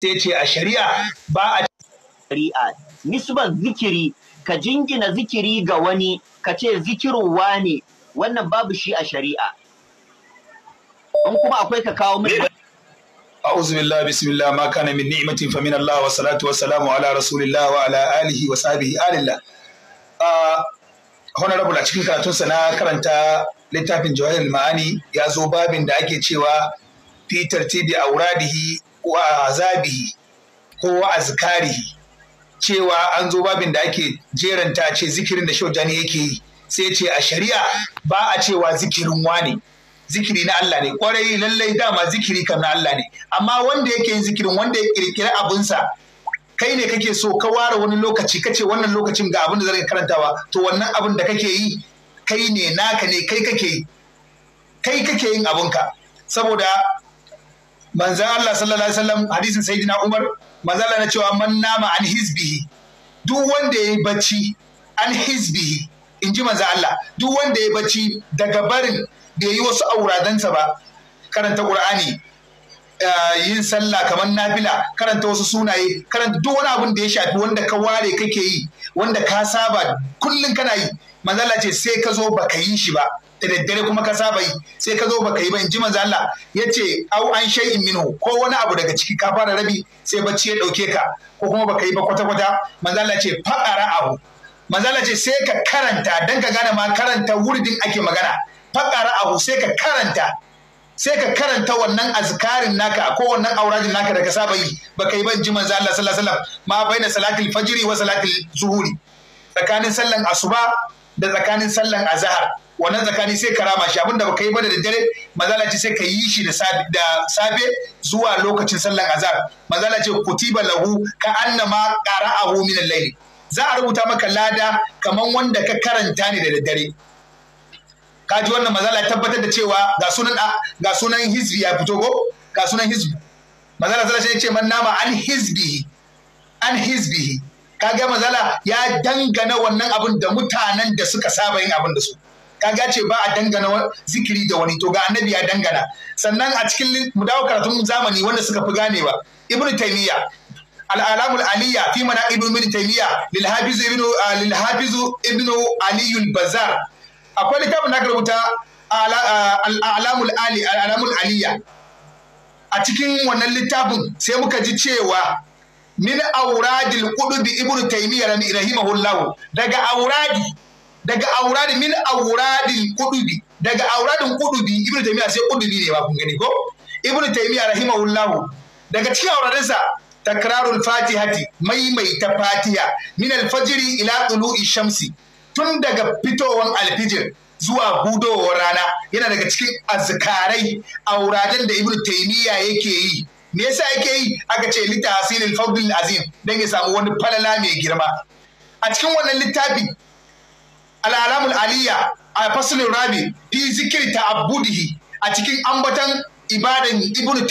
sai ce a shari'a ba a shari'a nisbar zikiri ka jingina zikiri ga wani ka ce zikiruwa ne wannan babu shi a shari'a An kuma akwai ka kawo mai أعوذ بالله بسم الله ما كان من نعمة فمن الله والصلاة والسلام على رسول الله وعلى آله وصحبه آل الله هنا رب cikin karatun na karanta littafin jawahir ma'ani ya zo babin da ake cewa fi tartibi auradihi wa azabihi ko wa azkarihi cewa an zo babin da ake jeranta ce zikirin da shaujani yake yi sai ce a shari'a ba a cewa zikirin wane zikiri na Allah ne kwarai lallai dama zikiri kan na Allah ne amma wanda yake yin zikirin wanda ya kirkira abinsa kai ne kake so ka ware wani lokaci kace wannan lokacin ga abin da zaka karantawa to wannan abin da kake yi kai ne naka ne kai kake kai kake yin abinka saboda manzan Allah sallallahu alaihi wasallam hadisin sayyidina Umar manzan na cewa man nama an hizbihi duk wanda yayi bacci an hizbihi in ji manzan Allah duk wanda yayi bacci daga barin bai yi wasu auradansa ba karanta Qur'ani eh, yin sallah kamar nafila karanta wasu sunaye karanta duk wani abin da ya shafi wanda ka ware kake yi wanda ka saba kullum kana yi manzala ce sai ka zo baka yi shi ba da daddare kuma ka saba yi sai ka zo baka yi ba in ji manzo Allah ce au an shay'in minhu ko wani abu daga ciki ka fara rabi sai bacci ya dauke ka ko kuma baka yi ba kwata kwata manzo Allah ce abu manzo Allah ce sai ka karanta dan ka gane ma karanta wurdin ake magana abu sai ka karanta sai ka karanta wannan azkarin naka a wannan aurajin naka da ka saba yi baka yi ba in ji manzo Allah sallallahu alaihi wasallam ma baina salatil fajri wa salatil zuhuri tsakanin sallan asuba da tsakanin sallan azhar wannan tsakani sai ka rama shi abinda baka yi ba da daddare mazala ce sai ka yi shi da safe zuwa lokacin sallar azhar mazala ce kutiba lahu ka annama abu min al-layl za a rubuta maka lada kaman wanda ka karanta ne da daddare ka ji wannan mazala tabbatar da cewa ga sunan ga sunan hizbi ya fito go ga sunan hizbi mazala sai ya ce man nama an hizbi an hizbi kaga mazala ya dangana wannan abin da mutanen da suka saba yin abin da su kaga ce ba a dangana zikiri da wani to ga annabi ya dangana sannan a cikin mu karatun zamani wanda suka fi ganewa ibnu taymiya al-alam Aliya fi mana ibnu ibn taymiya lil hafiz ibnu lil hafiz ibnu ali al-bazar akwai litafin da rubuta al-alam ali al a cikin wannan littafin sai muka ji cewa min auradil qudubi ibnu taymiya rahimahullahu daga auradi daga auradin min auradin kudubi daga auradin kudubi ibnu taymiya sai kudubi ne ba kun gani ko ibnu taymiya rahimahullahu daga cikin sa takrarul fatihati maimaita fatiha min Fajiri, ila tulu'i shamsi tun daga fitowan alfijir zuwa budowar rana yana daga cikin azkarai auradin da ibnu taymiya yake yi me yasa yake yi aka ce lita fadl azim dan ya samu wani falala mai girma a cikin wannan littafin. al'alamul aliyya a faslin rabi fi zikir abudihi a cikin ambatan ibadan ibnu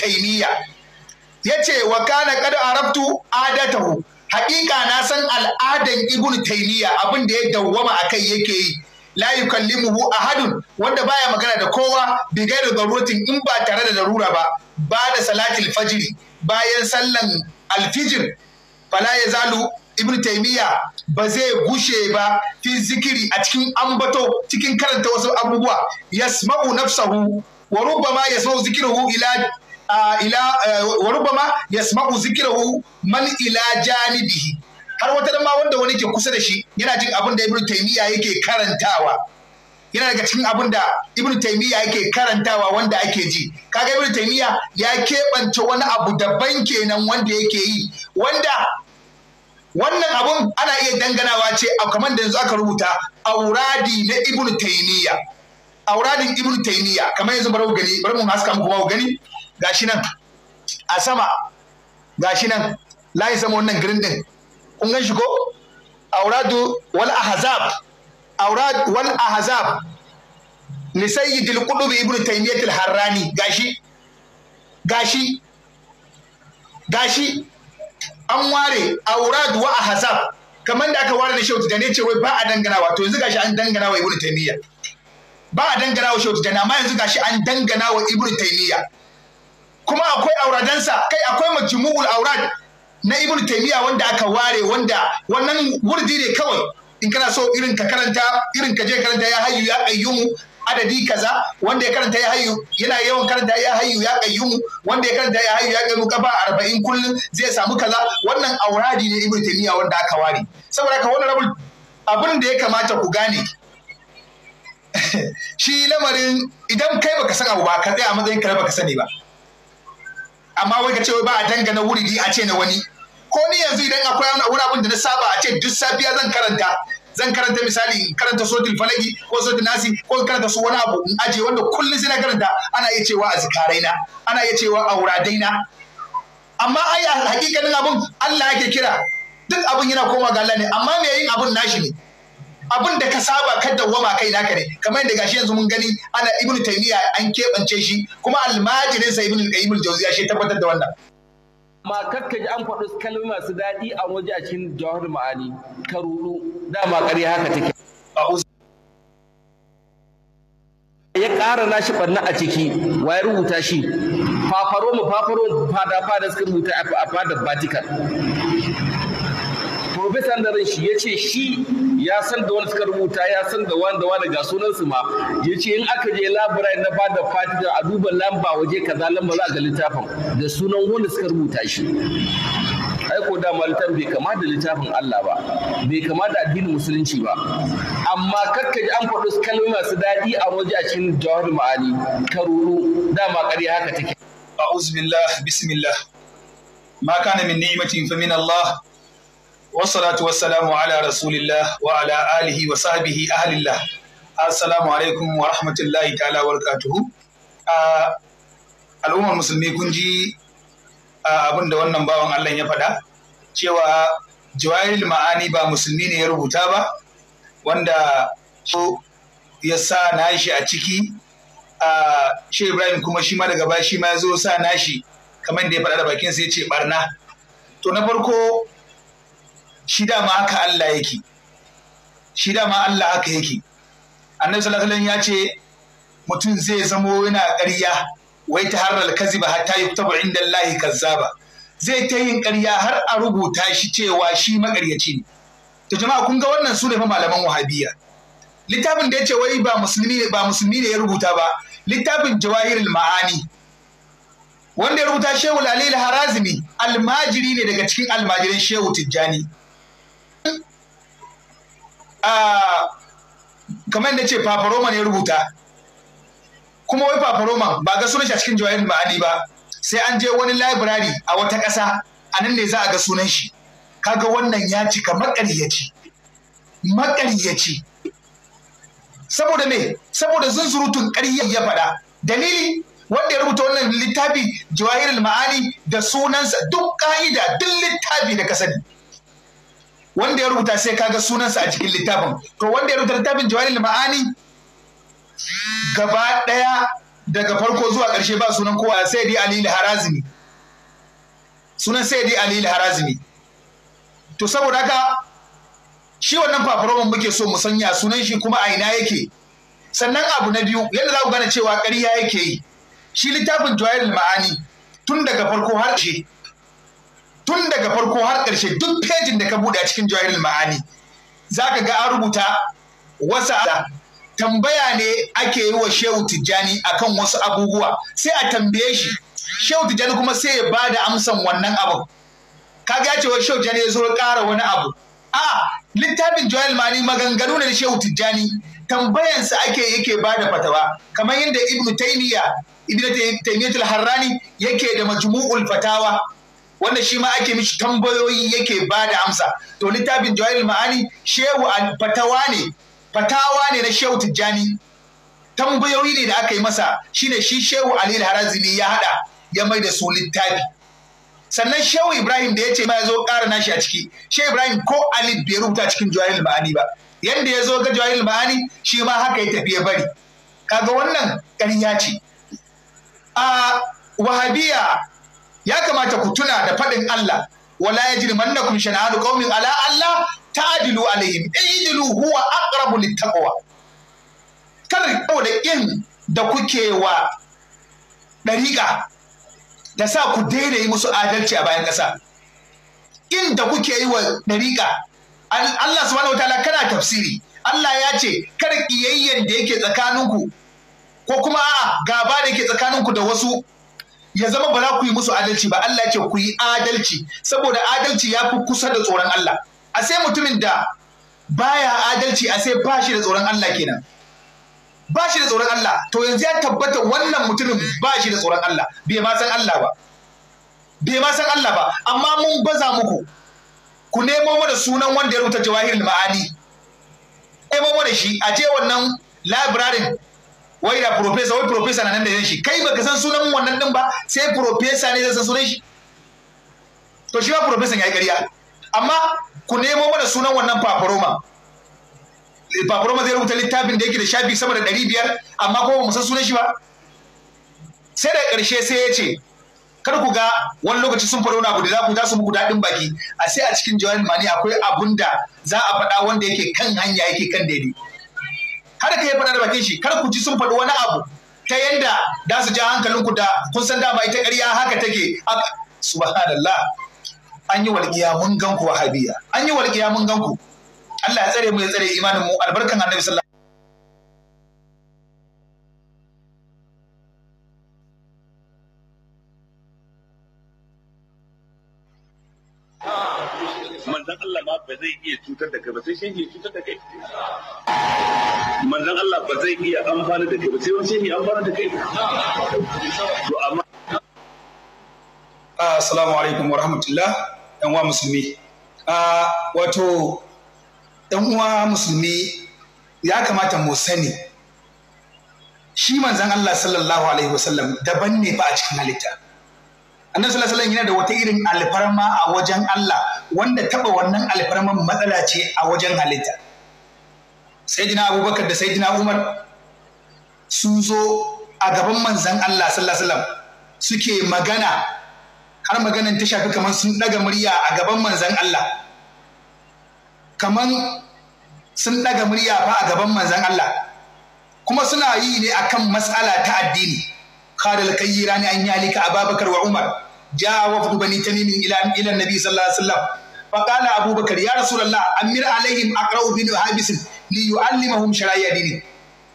Ya ce wa kana "A arabtu adatahu haƙiƙa na san al'adan ibnu taimiyya abin da ya dawwama a kai yake yi la a ahadun wanda baya magana da kowa bi da daruratin in ba tare da darura ba ba da salatil fajiri bayan sallan alfijir fala yazalu ibn taymiya ba zai gushe ba fi zikiri a cikin ambato cikin karanta wasu abubuwa yasma'u nafsahu wa rubbama yasma'u ila ila wa rubbama yasma'u man ila janibihi har wata dama wanda wani ke kusa da shi yana jin abin da ibn taymiya yake karantawa yana daga cikin abin da ibn taymiya yake karantawa wanda ake ji kaga ibn taymiya ya keɓance wani abu daban kenan wanda yake yi wanda wannan abun ana iya danganawa ce a kamar da yanzu aka rubuta auradi na ibnu taymiya auradin ibnu taymiya kamar yanzu barau gani bar mu haska muku ba gani gashi nan a sama gashi nan layi sama wannan green din kun gan shi ko auradu wal ahzab aurad wal ahzab li sayyid al qutb ibnu taymiyyah al harrani gashi gashi gashi an ware aurad wa ahzab kamar da aka ware na da ne ce wai ba a dangana wa to yanzu gashi an dangana wa ibnu taymiya ba a dangana wa da na ma yanzu gashi an dangana wa ibnu taimiyya. kuma akwai auradansa kai akwai majmu'ul aurad na ibnu taymiya wanda aka ware wanda wannan wurdi ne kawai in kana so irin ka karanta irin ka je karanta ya hayyu ya ayyumu adadi kaza wanda ya karanta ya hayu yana yawan karanta ya hayu ya kayyumu wanda ya karanta ya hayu ya kayyumu kafa arba'in kullum zai samu kaza wannan auradi ne ibn taymiya wanda aka ware saboda haka wannan abun abin da ya kamata ku gane shi lamarin idan kai baka san abu ba ka tsaya a matsayin ka baka sani ba amma wai ka ce ba a dangana wuri a ce na wani ko ni yanzu idan akwai wani abun da na saba a ce duk safiya zan karanta zan karanta misali karanta sotil falaki ko sotil nasi ko karanta su wani abu in aje wanda kullum sai karanta ana iya cewa a zikarai na, ana iya cewa a na. amma ai a hakikanin abun Allah yake kira duk abun yana koma ga Allah ne amma me yin abun nashi ne Abun da ka saba ka dawwama kai naka ne kamar yadda gashi yanzu mun gani ana ibnu taymiya an keɓance shi kuma almajirin sa ibnu qayyim al-jawziya shi tabbatar da wannan Ma kakka ji an faɗi kalmi masu daɗi a waje a cikin jawar ma'ani ka rudu dama ƙarya haka take ya ƙara nashi ɓanna a ciki wa ya rubuta shi fafaro mu fafaro fada fada suka rubuta a fada Vatican professor da ran shi ya ce shi ya san da wani suka rubuta ya san da wani da wani ga sunansu ma ya ce in aka je labirai na bada fatida a duba lamba waje kaza lamba za a ga littafin da sunan wanda suka rubuta shi ai ko da malitan bai kama da littafin Allah ba bai kama da addinin musulunci ba amma kakka ji an faɗi kalmomi masu daɗi a waje a cikin jawar ma'ani karuru dama ƙarya haka take a'udhu billah bismillah ma kana min ni'matin fa min Allah wassalatu wassalamu ala rasulillah wa ala alihi wa sahbihi ahlillah assalamu alaikum wa rahmatullahi ta'ala wa barakatuhu al'ummar musulmi kun ji abin da wannan bawan Allah ya faɗa cewa jawahirul ma'ani ba musulmi ne ya rubuta ba wanda ya sa nashi a ciki a shi Ibrahim kuma shi ma daga baya shi ma ya zo sa nashi kamar da ya faɗa da bakin sai ya ce barna to na farko shi dama haka Allah yake shi dama Allah haka yake annabi sallallahu alaihi ya ce mutum zai zamo yana ƙarya wai ta harral kaziba hatta yuktabu inda Allah kazzaba zai ta yin ƙarya har a rubuta shi cewa shi maƙaryaci ne to jama'a kun ga wannan su ne fa malaman wahabiyya littafin da ya ce wai ba musulmi ba musulmi ne ya rubuta ba littafin jawahirul ma'ani wanda ya rubuta shehu lalil harazimi almajiri ne daga cikin almajiran shehu tijjani kamar da ce Papa Roman ya rubuta kuma wai Papa Roman ba ga sunan shi a cikin jawahirin ma'ani ba sai an je wani labirari a wata ƙasa a nan ne za a ga sunan shi kaga wannan ya cika makaryaci, makaryaci. saboda me saboda zunzurutun ƙarya ya faɗa dalili wanda ya rubuta wannan littafi jawahirul ma'ani da sunansa duk ƙa'ida duk littafi da ka wanda ya rubuta sai kaga sunansa a cikin littafin to wanda ya rubuta littafin jawahirul ma'ani gaba daya daga farko zuwa ƙarshe ba sunan kowa sai dai alilu harazimi sunan sai dai alilu harazimi to saboda haka shi wannan fafaroman muke so mu sanya sunan shi kuma a ina yake sannan abu na biyu yadda za ku gane cewa ƙarya yake yi shi littafin jawahirul ma'ani tun daga farko har ce tun daga farko har ƙarshe duk pejin da ka buɗe a cikin jawahirul ma'ani za ka ga an rubuta wasa tambaya ne ake yi wa shehu tijjani akan wasu abubuwa sai a tambaye shi shehu tijjani kuma sai ya ba da amsan wannan abu Ka ga ce wa shehu tijjani ya zo ƙara wani abu a littafin joel ma'ani maganganu ne shehu tijjani tambayansa ake yake ba da fatawa kamar yadda ibnu taymiya ibnu taymiyatul harrani yake da majmu'ul fatawa wanda shi ma ake mishi tambayoyi yake ba da amsa to littafin jawahirul ma'ani shehu fatawa ne fatawa ne na shehu tijjani tambayoyi ne da aka yi masa shine shi shehu alil harazimi ya haɗa ya mai da su littafi sannan shehu ibrahim da ya ce ma ya zo ƙara nashi a ciki shehu ibrahim ko ali bai rubuta cikin jawahirul ma'ani ba yanda ya zo ga jawahirul ma'ani shi ma haka ya tafi ya bari kaga wannan ƙarya ce a wahabiya ya kamata ku tuna da faɗin Allah wala yajrimannakum shana'anu qaumin ala Allah ta'dilu alaihim idilu huwa aqrabu littaqwa kar da in da kuke wa ɗariƙa da sa ku daina yi musu adalci a bayan ƙasa in da kuke yi wa ɗariƙa Allah subhanahu wataala kana tafsiri Allah ya ce kar ƙiyayyen da yake tsakaninku ko kuma a'a gaba da yake tsakaninku da wasu ya zama ba za ku yi musu adalci ba Allah ce ku yi adalci saboda adalci ya fi kusa da tsoron Allah a sai mutumin da baya adalci a sai ba shi da tsoron Allah kenan ba shi da tsoron Allah to yanzu ya tabbata wannan mutumin ba shi da tsoron Allah bai ma san Allah ba bai ma san Allah ba amma mun baza muku ku nemo mana sunan wanda ya rubuta jawahirul ma'ani nemo mana shi a je wannan labirarin wai da profesa wai profesa na nan da shi kai baka san sunan wannan din ba sai profesa ne zai san sunan shi to shi ba profesa ya yi ƙarya amma ku nemo mana sunan wannan paparoma paparoma zai rubuta littafin da yake da shafi sama da ɗari biyar amma kuma ba mu san sunan shi ba sai da ƙarshe sai ya ce kar ku ga wani lokaci sun faɗo abu da za ku su muku daɗin baki a sai a cikin jawabin mani akwai abun da za a faɗa wanda yake kan hanya yake kan daidai kada ka yi faɗa da bakin shi kar ku ji sun faɗi wani abu ta yanda da su ja hankalinku da kun san dama ita ƙarya haka take subhanallah an yi walƙiya mun ganku wahabiya an yi walƙiya mun ganku Allah ya tsare mu ya tsare imanin mu albarkan annabi sallallahu ba zai iya cutar da kai ba sai shi ne cutar da kai manzon Allah ba zai iya amfana da kai ba sai wani shehi amfana da kai to amma ah, assalamu alaikum warahmatullah yan uwa musulmi ah, wato yan uwa musulmi ya kamata mu sani shi manzon Allah sallallahu alaihi wasallam daban ne ba a cikin halitta annabi sallallahu alaihi wasallam yana da wata irin alfarma a wajen Allah wanda taɓa wannan alfarman matsala ce a wajen halitta sayyidina abubakar da sayyidina umar sun zo a gaban manzan allah sallallahu alaihi wasallam suke magana har maganan ta shafi kamar sun ɗaga murya a gaban manzan allah kamar sun daga murya fa a gaban manzan allah kuma suna yi ne akan matsala ta addini qala yi kayyirani an yalika ababakar wa umar جاء وفد بني تميم الى الى النبي صلى الله عليه وسلم فقال أبو بكر يا رسول الله أمر عليهم أقرأ بن حابس ليعلمهم شرائع دينه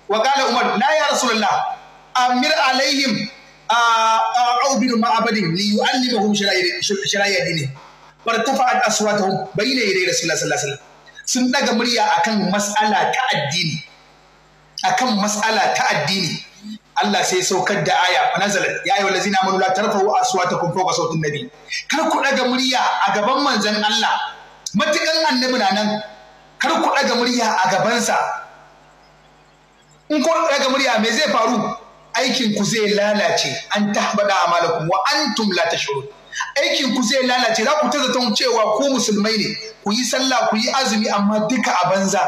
وقال عمر لا يا رسول الله أمر عليهم أقرأ بن معبد ليعلمهم شرائع دينه فارتفعت أصواتهم بين يدي رسول الله صلى الله عليه وسلم sun daga murya akan mas'ala ta addini akan mas'ala ta addini Allah sai saukar da aya nazalat ya ayyuhal ladzina amanu la tarfa'u aswatakum fawqa sawtin nabi kar ku daga murya a gaban manzon Allah matukan annabi na nan kar ku daga murya a gabansa in ku daga murya me zai faru aikin ku zai lalace an tahbada amalakum wa antum la tashurun aikin ku zai lalace za ku ta zaton cewa ku musulmai ne ku yi sallah ku yi azumi amma duka a banza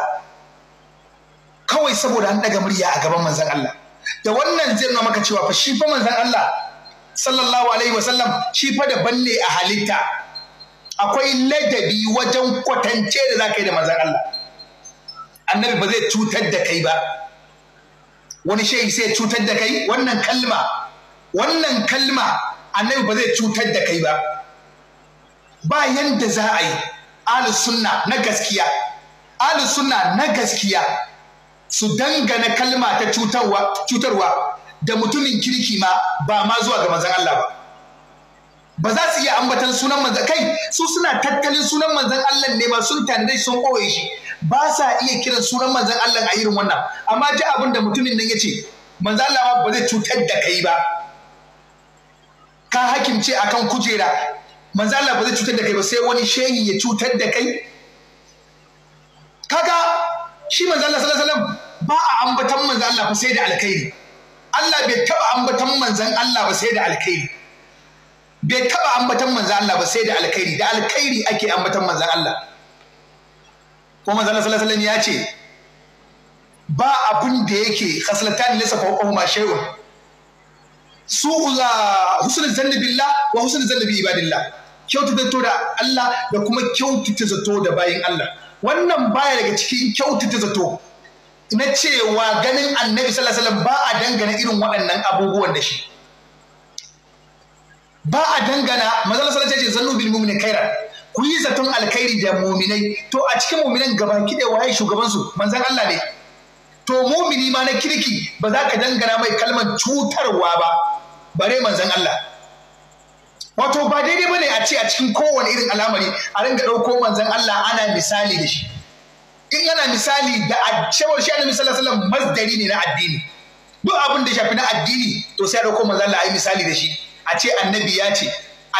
kawai saboda an ɗaga murya a gaban manzon Allah da wannan zai nuna maka cewa fa shi fa manzon Allah sallallahu alaihi wasallam shi fa da balle a halitta akwai ladabi wajen kwatance da za ka yi da manzan Allah annabi ba zai cutar da kai ba wani shehi sai cutar da kai wannan kalma wannan kalma annabi ba zai cutar da kai ba ba yanda za a yi ahlus sunna na gaskiya ahlus sunna na gaskiya su dangana kalma ta cutarwa da mutumin kirki ma ba ma zuwa ga manzan Allah ba ba za su iya ambatan sunan manzan kai su suna tattalin sunan manzan Allah ne ba sun tanadai sun koye shi ba sa iya kiran sunan manzan Allah a irin wannan amma ji abin da mutumin nan ya ce manzan Allah ba zai cutar da kai ba ka hakimce akan kujera manzan Allah ba zai cutar da kai ba sai wani shehi ya cutar da kai kaga shi manzan Allah sallallahu alaihi ba a ambatan manzan Allah ba sai da alkhairi Allah bai taba ambatan manzan Allah ba sai da alkhairi bai taba ambatan manzan Allah ba sai da alkhairi da alkhairi ake ambatan manzan Allah ko manzan Allah sallallahu alaihi wasallam ya ce ba abun da yake khaslatan lisa fa hukuma shay'un su'uza husnul zanni billah wa husnul zanni bi ibadillah kyautata zato da Allah da kuma kyautata zato da bayin Allah wannan baya daga cikin kyautata zato na cewa ganin annabi sallallahu ba a dangana irin waɗannan abubuwan da shi ba a dangana manzon sallallahu alaihi wasallam ce bil kaira ku yi zaton alkhairi da mu'minai to a cikin mu'minan gaba kide waye shugaban su manzon Allah ne to mu'mini ma na kirki ba za ka dangana mai kalmar cutarwa ba bare manzon Allah wato ba daidai ne a ce a cikin kowane irin al'amari a ringa ɗauko manzon Allah ana misali da shi in yana misali da a shawar shi annabi sallallahu alaihi wasallam masdari ne na addini duk abin da shafi na addini to sai a dauko manzo Allah ayi misali da shi a ce annabi ya ce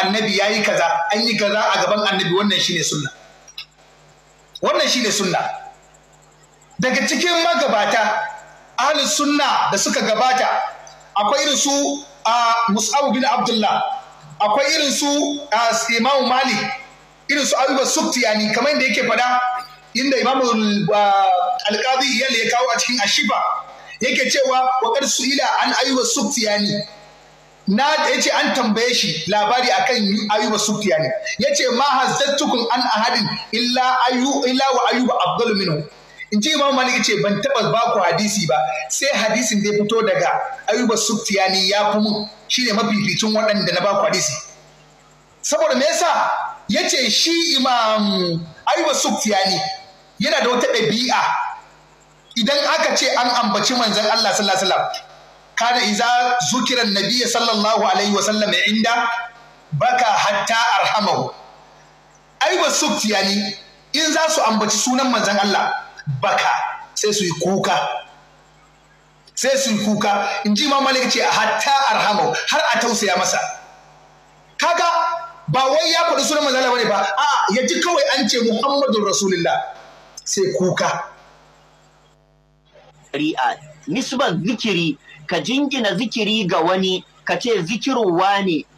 annabi ya yi kaza an yi kaza a gaban annabi wannan shine sunna wannan shine sunna daga cikin magabata ahlus sunna da suka gabata akwai irin su a mus'ab bin abdullah akwai irin su a imamu malik irin su abubuwa suktiyani kamar da yake fada inda Imam ah, Al-Qadhi ya kawo a cikin Ashifa yake cewa wa qad su'ila an ayyuba suftiyani na yace an tambaye shi labari akan ayyuba suftiyani yace ma hazzattukum an ahadin illa ayu illa wa ayyuba afdalu minhu in ji imamu malik ce ban taɓa ba ku hadisi ba sai hadisin da ya fito daga ayyuba suftiyani ya fi mun shine mafificin waɗanda na ba ku hadisi saboda me yasa yace shi imam ayyuba suftiyani yana da wata ɗabi'a idan aka ce an ambaci manzon Allah sallallahu alaihi wasallam kana iza zukira nabi sallallahu alaihi wasallam inda baka hatta arhamahu ai ba yani in za su ambaci sunan manzon Allah baka sai su yi kuka sai su yi kuka in ji ma malik ce hatta arhamahu har a tausaya masa kaga ba wai ya faɗi sunan manzon Allah bane ba A'a ya ji kawai an ce Muhammadu Rasulullah sai kuka ri'a nisban zikiri ka jingina zikiri ga wani ka ce zikirowa ne